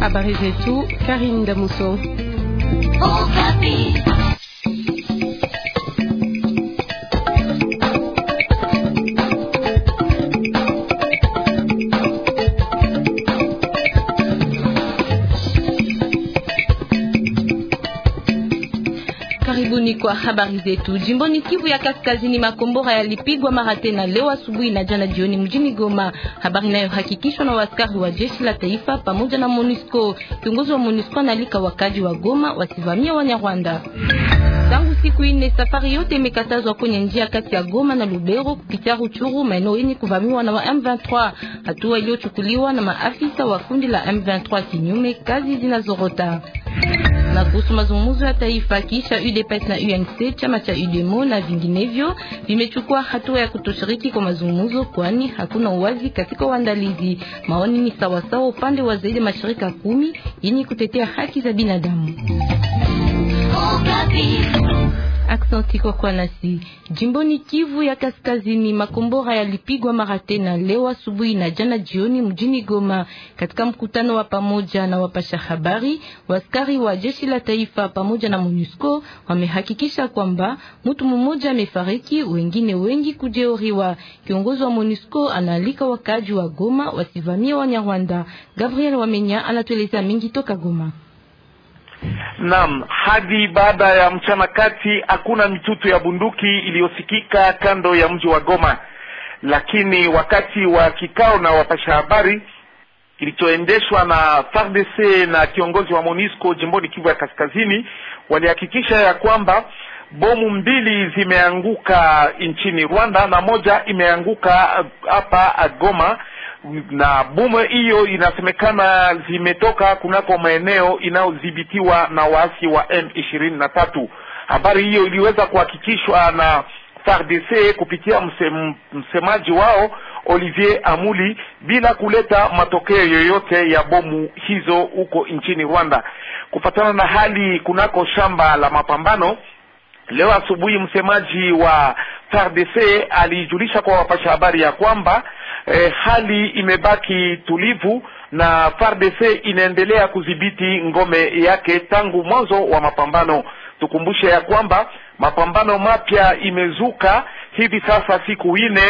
Habari zetu Karim Damuso. Okapi. Karibuni kwa habari zetu. Jimboni Kivu ya Kaskazini, makombora yalipigwa mara tena leo asubuhi na jana jioni mjini Goma, habari inayohakikishwa na waskari wa jeshi la taifa pamoja na MONUSCO. Kiongozi wa MONUSCO analika wakaji wa Goma wasivamia Wanyarwanda. Tangu siku ine safari yote imekatazwa kwenye njia kati ya Goma na Lubero kupitia Ruchuru, maeneo yenye kuvamiwa na wa M23, hatua iliyochukuliwa na maafisa wa kundi la M23 kinyume kazi zinazorota na kuhusu mazungumzo ya taifa kisha UDPS na UNC, chama cha UDEMO na vinginevyo vimechukua hatua ya kutoshiriki kwa mazungumzo, kwani hakuna uwazi katika uandalizi. Maoni ni sawasawa upande wa zaidi mashirika kumi yenye kutetea haki za binadamu. Aksanti nasi. Jimboni Kivu ya Kaskazini, makombora yalipigwa mara tena leo asubuhi na jana jioni mjini Goma. Katika mkutano wa pamoja na wapasha habari, waskari wa jeshi la taifa pamoja na MONUSCO wamehakikisha kwamba mtu mmoja amefariki, wengine wengi kujeruhiwa. Kiongozi wa MONUSCO analika wakaji wa Goma wasivamie Wanyarwanda. Gabriel Wamenya anatueleza mingi toka Goma. Naam, hadi baada ya mchana kati hakuna mitutu ya bunduki iliyosikika kando ya mji wa Goma, lakini wakati wa kikao na wapasha habari kilichoendeshwa na FARDC na kiongozi wa MONUSCO jimboni Kivu ya Kaskazini walihakikisha ya kwamba bomu mbili zimeanguka nchini Rwanda na moja imeanguka hapa Goma na bomu hiyo inasemekana zimetoka kunako maeneo inayodhibitiwa na waasi wa M ishirini na tatu. Habari hiyo iliweza kuhakikishwa na FARDC kupitia msem, msemaji wao Olivier Amuli bila kuleta matokeo yoyote ya bomu hizo huko nchini Rwanda. Kufatana na hali kunako shamba la mapambano leo asubuhi, msemaji wa FARDC alijulisha kwa wapasha habari ya kwamba eh, hali imebaki tulivu na FARDC inaendelea kudhibiti ngome yake tangu mwanzo wa mapambano. Tukumbushe ya kwamba mapambano mapya imezuka hivi sasa siku nne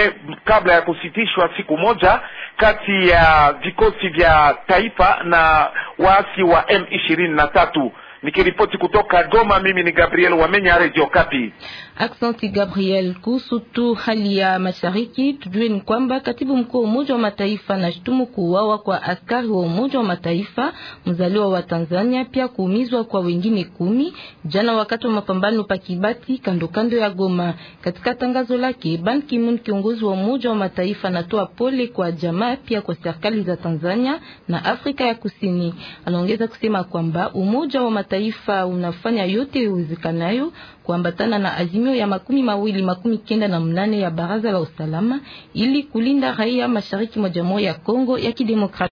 kabla ya kusitishwa siku moja kati ya vikosi vya taifa na waasi wa M ishirini na tatu. Nikiripoti kutoka Goma, mimi ni Gabriel Wamenya, Radio Kapi. Aksanti Gabriel. Kuhusu tu hali ya mashariki, tujue ni kwamba katibu mkuu wa Umoja wa Mataifa anashutumu kuuawa kwa askari wa Umoja wa Mataifa mzaliwa wa Tanzania, pia kuumizwa kwa wengine kumi jana wakati wa mapambano pa Kibati, kando kando ya Goma. Katika tangazo lake, Ban Ki-moon, kiongozi wa Umoja wa Mataifa, anatoa pole kwa jamaa, pia kwa serikali za Tanzania na Afrika ya Kusini. Anaongeza kusema kwamba Umoja wa Mataifa kimataifa unafanya yote uwezekanayo kuambatana na azimio ya makumi mawili makumi kenda na mnane ya Baraza la Usalama ili kulinda raia mashariki mwa Jamhuri ya Kongo ya Kidemokrasia.